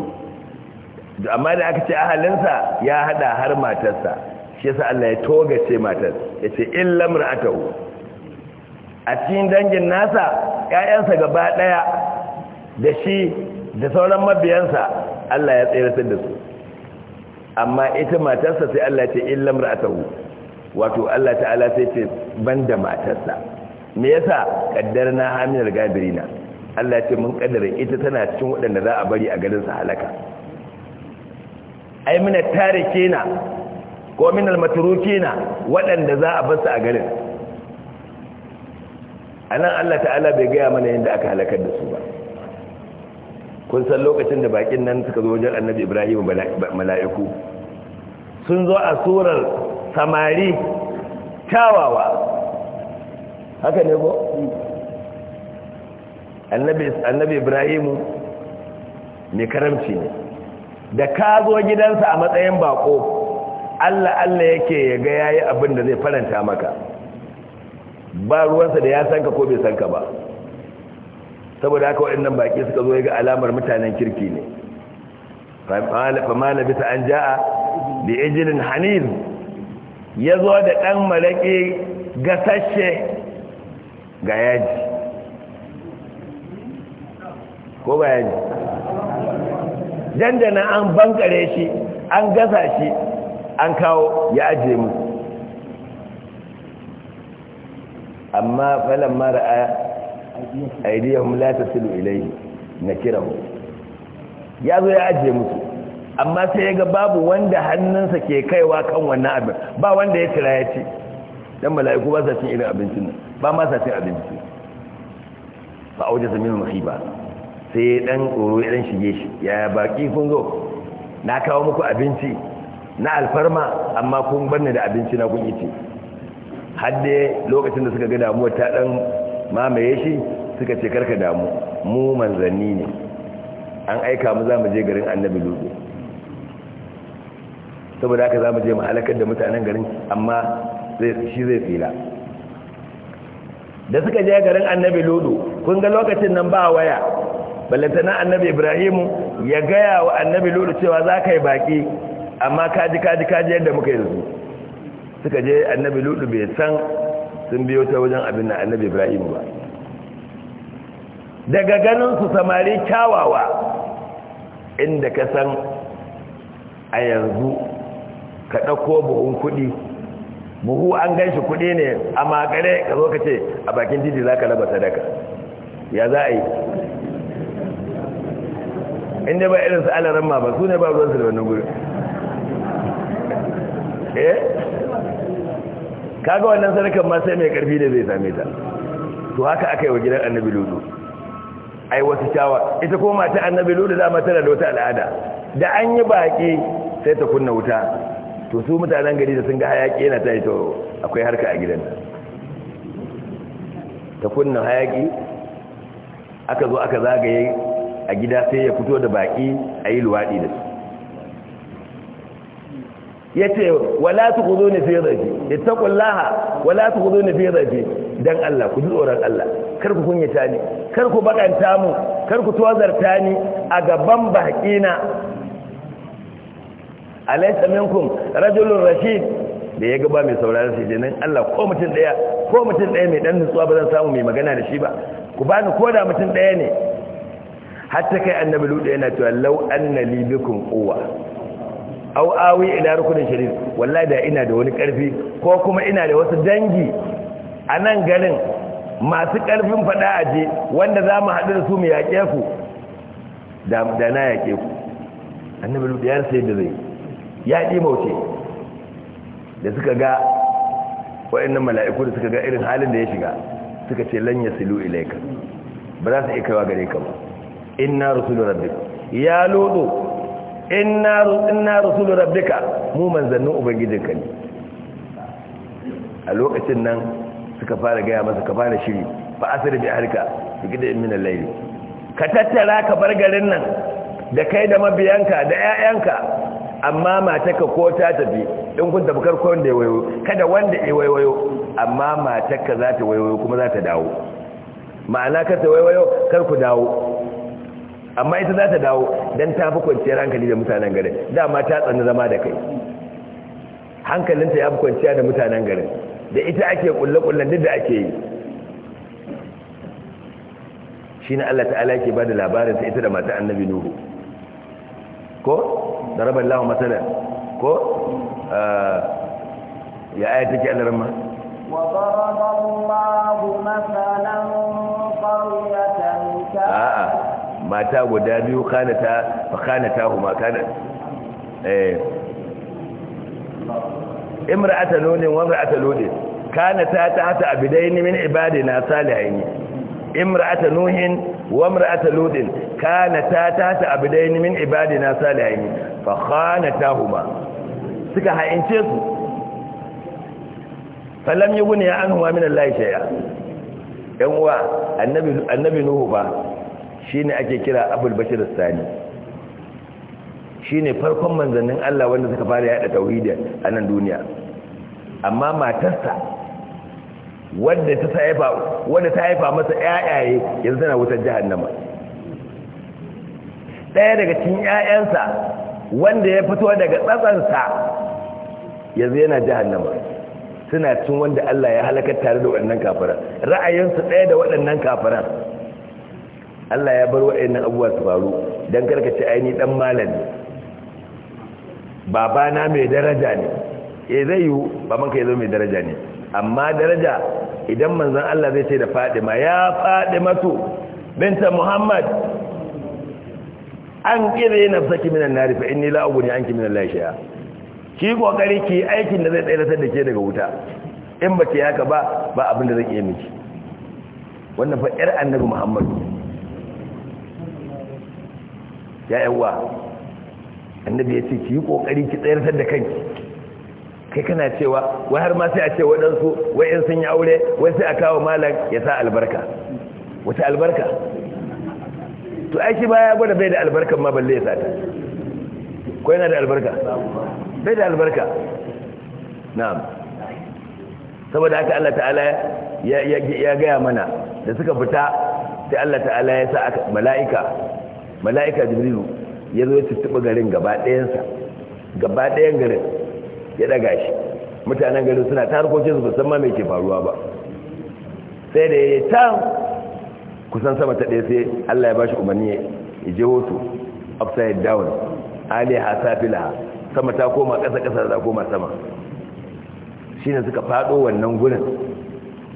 amma da aka ce ahalinsa ya hada har matarsa shi yasa Allah ya toga ce matar ce illa a cikin dangin nasa ƴaƴansa gaba ɗaya da shi da sauran mabiyansa Allah ya tsayaratar da su amma ita matarsa sai Allah ya ce illa mar'atahu wato Allah ta'ala sai ce ban da matarsa me yasa na hamil gabirina Allah ce mun kaddara ita tana cikin waɗanda za a bari a garin sa halaka ai muna tarike na ko min almatruki na waɗanda za a bar su a garin anan Allah ta'ala bai gaya mana yadda aka halakar da su ba kun san lokacin da bakin nan suka zo wajen annabi ibrahim mala'iku sun zo a surar samari kyawawa haka ne ko annabi ibrahimu mai karamci ne da ka zo gidansa a matsayin bako allah allah yake ya ga yayi abin da zai faranta maka ba ruwansa da ya sanka ko bai sanka ba saboda haka waɗannan baki suka zo ga alamar mutanen kirki ne na bisa an ja'a bi ijilin haniz ya zo da ɗan malaƙi gasashe ga yaji ko ba yaji dandana an bankare shi an gasa shi an kawo ya aje mu amma falon mara a aidiyar mulata silu ilai na kiran ya zo ya aje musu amma sai ya ga babu wanda hannunsa ke kaiwa kan wannan abin ba wanda ya tira ya ce dan mala'iku ba sa cin irin abincin nan ba ma sa cin abinci ba auja zamin ba sai dan tsoro ya dan shige shi ya baki kun zo na kawo muku abinci na alfarma amma kun barni da abinci na kun ce har lokacin da suka ga damuwa ta dan mamaye shi suka ce karka damu mu manzanni ne an aika mu za mu je garin annabi lobe. saboda haka za mu je mu halakar da mutanen garin amma shi zai tsira da suka je garin annabi lodo kun ga lokacin nan ba waya ballantana annabi ibrahimu ya gaya wa annabi lodo cewa za ka yi baki amma kaji kaji kaji yadda muka yi su suka je annabi lodo bai san sun biyo ta wajen abin na annabi ibrahimu ba daga ganin su samari kyawawa inda ka san a yanzu ka ɗauko buhun kuɗi buhu an gan shi kuɗi ne a makare ka zo ka ce a bakin titi za ka raba sadaka ya za a yi inda ba irin su alaran ma ba su ne ba ruwansu da wannan guri eh kaga wannan sadakan ma sai mai karfi da zai same ta to haka aka yi wa gidan annabi lulu ai wasu shawa ita ko mata annabi lulu za mata da wata al'ada da an yi baki sai ta kunna wuta to su mutanen gari da sun ga hayaki yana tashi to akwai harka a gidan ta kunna hayaki aka zo aka zagaye a gida sai ya fito da baki a yi luwaɗi da su ya ce wala su kuzo ne fiye zafi ya taƙon laha wala su kuzo ne fiye zafi don Allah ku ji tsoron Allah kar ku kunyata ni kar ku baƙanta mu kar ku tozarta ni a gaban na. alaysa minkum rajulun rashid da ya gaba mai sauraron sai jinin Allah ko mutum daya ko mutum daya mai dan nutsuwa ba zan samu mai magana da shi ba ku bani ko da mutum daya ne hatta kai annabi ludu yana cewa law anna li bikum quwwa aw awi ila rukunin sharif wallahi da ina da wani karfi ko kuma ina da wasu dangi a nan garin masu karfin fada aje wanda za mu haɗu da su mu yaƙe ku da na yaƙe ku annabi ludu ya sai da zai ya mauce da suka ga waɗannan mala'iku da suka ga irin halin da ya shiga suka ce lanya silu ilaika ba za su iya kawa gare ka ba ina rasulun rabbika ya lodo ina rasulun rabbika mu manzannin ubangijinka ne a lokacin nan suka fara gaya masa ka fara shiri fa asiri bi harka su gida min minan ka tattara ka bar garin nan da kai da mabiyanka da 'ya'yanka amma mataka ko ta tafi in kun tafi karko da ya wayo kada wanda ya wayo amma mataka za ta wayo kuma za ta dawo ma'ana kar ta wayo kar ku dawo amma ita za ta dawo don ta fi kwanciyar hankali da mutanen garin dama ta tsani zama da kai hankalinta ya fi kwanciya da mutanen garin da ita ake kulle-kullen duk da ake yi shi na Allah ta'ala ke ba da labarinsa ita da mata annabi nuhu ko da daraba Allahu masalan ko ah, ya aya take Allah ramma wa daraba Allahu masalan qaryatan a'a mata guda biyu kanata fa kanata huma kana eh imra'atan nunin wa imra'atan lut kanata ta ta abidaini min ibadina salihin imra'ata nuhin wa imra'ata lutin kanata tata abdaini min ibadina salihin fa khanatahuma suka haince su falam yughni anhuma min Allah shay'a dan uwa annabi annabi nuhu ba shine ake kira abul bashir as-sani shine farkon manzannin Allah wanda suka fara yada tauhidi a nan duniya amma matarsa wadda ta haifa wadda ta haifa masa ƴaƴaye yanzu tana wutar jahannama ɗaya daga cikin ƴaƴansa wanda ya fito daga tsatsansa yanzu yana jahannama suna cin wanda Allah ya halakar tare da waɗannan kafiran ra'ayinsu ɗaya da waɗannan kafiran Allah ya bar waɗannan abubuwa su faru don karkace aini ɗan malami babana mai daraja ne e zai yiwu babanka ya zo mai daraja ne amma daraja idan manzan Allah zai ce da fadima ya fadimatu binta muhammad an kire na saki minan nari fa inni la uguni anki minan lashiya ki kokari ki aikin da zai tsayar da ke daga wuta in ba ki haka ba ba abin da zan iya miki wannan fa yar annabi muhammad ya yawa annabi ya ce ki yi kokari ki tsayar da kanki kai kana cewa wai har ma sai a ce waɗansu wai in sun yi aure wai sai a kawo malam ya sa albarka wata albarka to ai shi baya gwada bai da albarkan ma balle ya sata ko yana da albarka bai da albarka na'am saboda haka Allah ta'ala ya ya gaya mana da suka fita sai Allah ta'ala ya sa mala'ika mala'ika jibrilu ya zo ya tuttuba garin gaba ɗayansa gaba ɗayan garin ya daga shi mutanen garin suna ta harkokin su san ma mai ke faruwa ba sai da ya ta kusan sama ta ɗaya sai Allah ya ba bashi umarni ya je hoto upside down aliha safila sama ta koma ƙasa ƙasa ta koma sama shine suka faɗo wannan gurin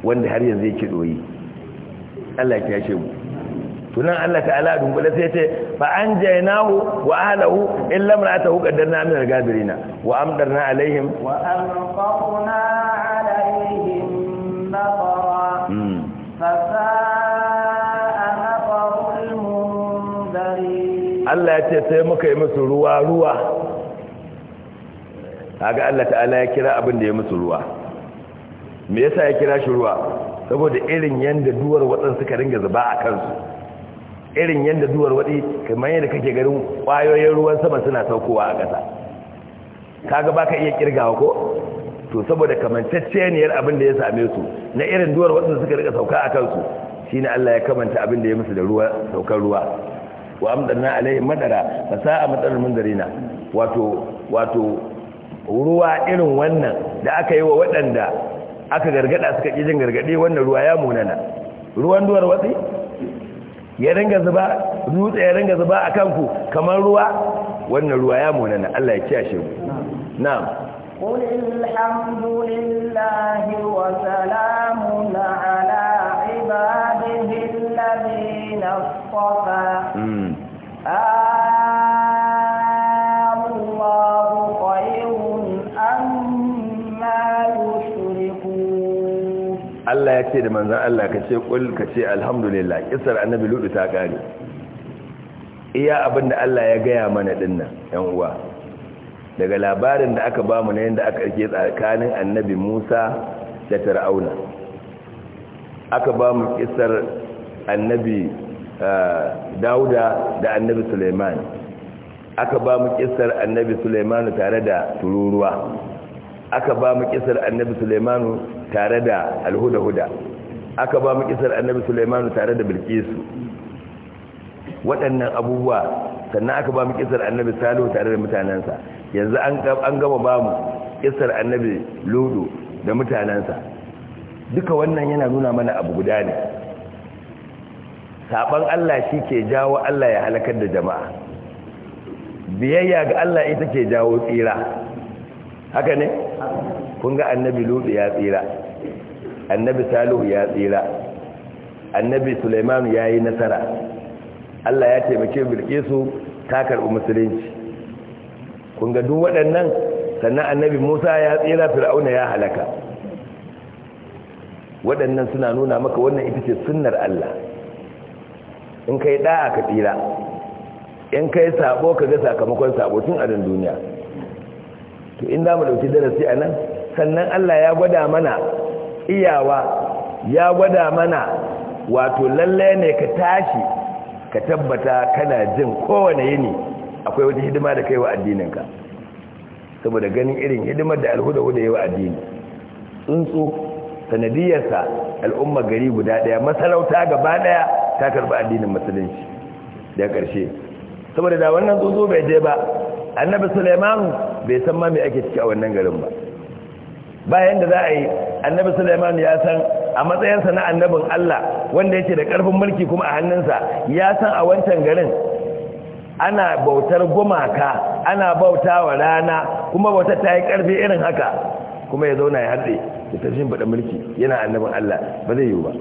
wanda har yanzu ya ke doyi Allah ya kyashe mu tunan Allah ta'ala dunkule sai ce fa an jainahu wa ahlahu illa imra'atahu qaddarna min al-gabirina wa amdarna alaihim wa amqarna alaihim matara hmm. Allah ya ce sai muka yi musu ruwa ruwa kaga Allah ta'ala ya kira abin da ya musu ruwa me yasa ya kira shi ruwa saboda irin yanda duwar waɗansu suka ringa zuba a kansu irin yadda duwar waɗi kamar yadda kake garin ƙwayoyin ruwan sama suna saukowa a ƙasa kaga baka iya wa ko to saboda kamantacciyar abin da ya same su na irin duwar da suka rika sauka a kansu shi shine Allah ya kamanta abin da ya musu da ruwa saukar ruwa wa amdanna alai madara fasa'a madarul mundarina wato wato ruwa irin wannan da aka yi wa waɗanda aka gargada suka ƙi jin gargade wannan ruwa ya munana ruwan duwar watsi ya ringa zuba dutse ya ringa zuba a kanku kamar ruwa wannan ruwa ya munana Allah ya kiyashe ku, na'am qul alhamdulillahi wa salamun ala ibadihi alladhina istafa Allah ya ce da manzan Allah ka ce ƙul ka ce alhamdulillah ƙisar annabi ludu ta ƙari iya abinda Allah ya gaya mana dinnan ‘yan uwa daga labarin da aka bamu na yadda aka ake tsakanin annabi musa da tar'auna aka bamu ƙisar annabi dauda da annabi suleiman aka bamu ƙisar annabi suleiman tare da tururuwa aka ba mu kisar annabi sulaimanu tare da alhuda-huda aka ba mu kisar annabi sulaimanu tare da bilkisu waɗannan abubuwa sannan aka ba mu kisar annabi salihu tare da mutanensa yanzu an gama ba mu kisar annabi ludu da mutanensa duka wannan yana nuna mana abu guda ne saban allah shi ke jawo allah ya halakar da jama'a biyayya ga allah ita ke jawo tsira haka ne kun ga annabi lubi ya tsira annabi salihu ya tsira annabi suleiman ya yi nasara allah ya taimake bilkisu ta karɓi musulunci kun ga duk waɗannan sannan annabi musa ya tsira fir'auna ya halaka waɗannan suna nuna maka wannan ita ce sunnar allah in kai ɗa'a ka tsira in kai sabo ka ga sakamakon sabo tun a duniya to in za mu ɗauki darasi a nan sannan Allah ya gwada mana iyawa ya gwada mana wato lallai ne ka tashi ka tabbata kana jin kowane yini akwai wata hidima da kai wa addininka saboda ganin irin hidimar da alhuda-huda yi wa addini tsuntsu sanadiyarsa al'umma gari guda ɗaya masarauta gaba ɗaya ta karɓi addinin musulunci da ƙarshe saboda da wannan tsuntsu bai je ba annabi suleiman bai san ma mai ake ciki a wannan garin ba bayan da za a yi annabi suleiman ya san a matsayinsa na annabin allah wanda yake da karfin mulki kuma a hannunsa ya san a wancan garin ana bautar gumaka ana bauta wa rana kuma bauta ta yi karfi irin haka kuma ya zauna ya haɗe da tarshen bada mulki yana annabin allah ba zai yiwu ba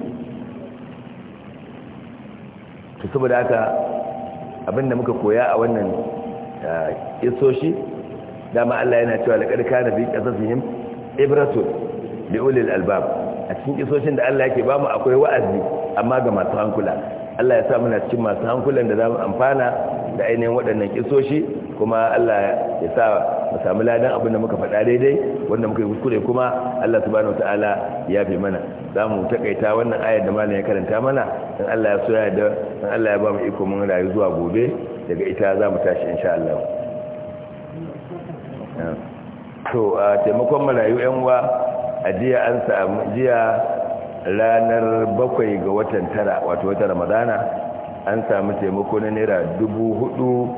to saboda haka abinda muka koya a wannan isoshi dama Allah yana cewa laqad kana fi qasasihim ibratun li ulil albab a cikin isoshin da Allah yake bamu akwai wa'azi amma ga masu hankula Allah ya sa muna cikin masu hankulan da za mu amfana da ainihin waɗannan kisoshi kuma Allah ya sa mu samu ladan abin da muka faɗa daidai wanda muka yi kuskure kuma Allah subhanahu wataala ya fi mana za mu takaita wannan ayar da malam ya karanta mana in Allah ya soya da in Allah ya ba mu iko mun rayu zuwa gobe daga ita za mu tashi insha Allah to a taimakon marayu yan uwa a an samu jiya ranar bakwai ga watan tara wato wata ramadana an samu taimako na naira dubu hudu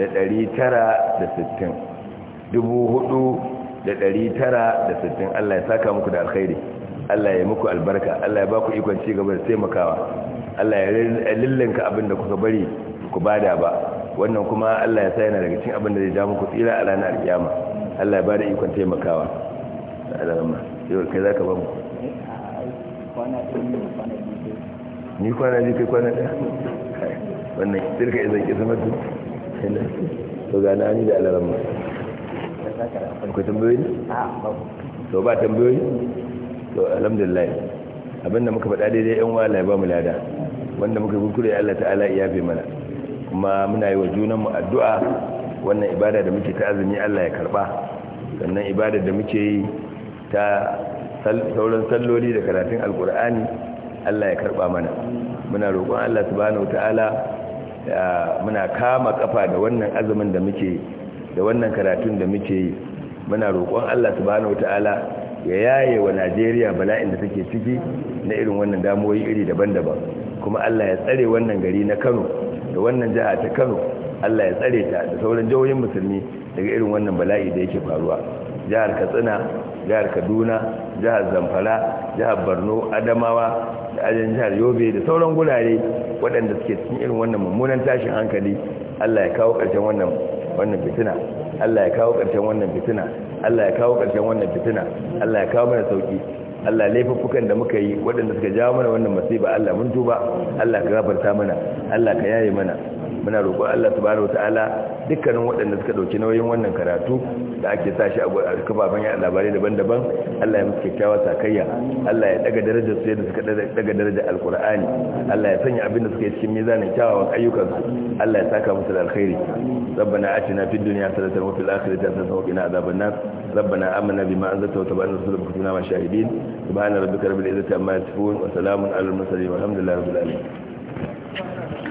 da dari tara da sittin dubu hudu da dari tara da sittin allah ya saka muku da alkhairi allah ya muku albarka allah ya ba ku ikon ci gaba da taimakawa allah ya lillinka abin da kuka bari ku bada ba wannan kuma allah ya sa yana daga cin abin da zai ja muku tsira a ranar alkiyama allah ya ba da ikon taimakawa da alama yau kai za ka ba mu ni kwana ji kai kwana ɗaya wannan shirka izan ƙi zama tun to gana na ni da alarar ma akwai tambayoyi to ba tambayoyi to alhamdulillah abinda muka faɗa daidai yan wala ya ba mu lada wanda muka gurkure Allah ta'ala ya fi mana kuma muna yi wa junanmu addu'a wannan ibada da muke ta azumi Allah ya karɓa. sannan ibada da muke yi ta sauran salloli da karatun alkur'ani Allah ya karba mana muna roƙon Allah subhanahu ta'ala muna kama kafa da wannan azumin da muke da wannan karatun da muke yi muna roƙon Allah subhanahu ta'ala ya yaye wa Najeriya bala'in da take ciki na irin wannan damuwoyi iri daban-daban kuma Allah ya tsare wannan gari na Kano da wannan jiha ta Kano Allah ya tsare ta da sauran jihohin musulmi daga irin wannan bala'i da yake faruwa jihar Katsina jihar kaduna jihar zamfara jihar borno adamawa da ajin jihar yobe da sauran gurare waɗanda suke cikin irin wannan mummunan tashin hankali allah ya kawo ƙarshen wannan fitina allah ya kawo ƙarshen wannan fitina allah ya kawo ƙarshen wannan fitina allah ya kawo mana sauki Allah laifuffukan da muka yi waɗanda suka jawo mana wannan masifa Allah mun tuba Allah ka gafarta mana Allah ka yaye mana muna roƙon Allah subhanahu wataala dukkanin waɗanda suka dauki nauyin wannan karatu da ake tashi a kafafen yaɗa labarai daban-daban Allah ya musu kyakkyawa sakayya Allah ya daga darajar su yadda suka daga darajar alkur'ani Allah ya sanya abin da suka yi cikin mizanin kyawawan ayyukan su Allah ya saka musu da alkhairi rabbana atina fid dunya hasanatan wa fil akhirati hasanatan wa qina adhaban nar rabbana amanna bima anzalta wa tabi'na rasulaka wa kunna mashahidin subhana rabbika rabbil izzati amma yasifun wa salamun alal mursalin walhamdulillahi rabbil alamin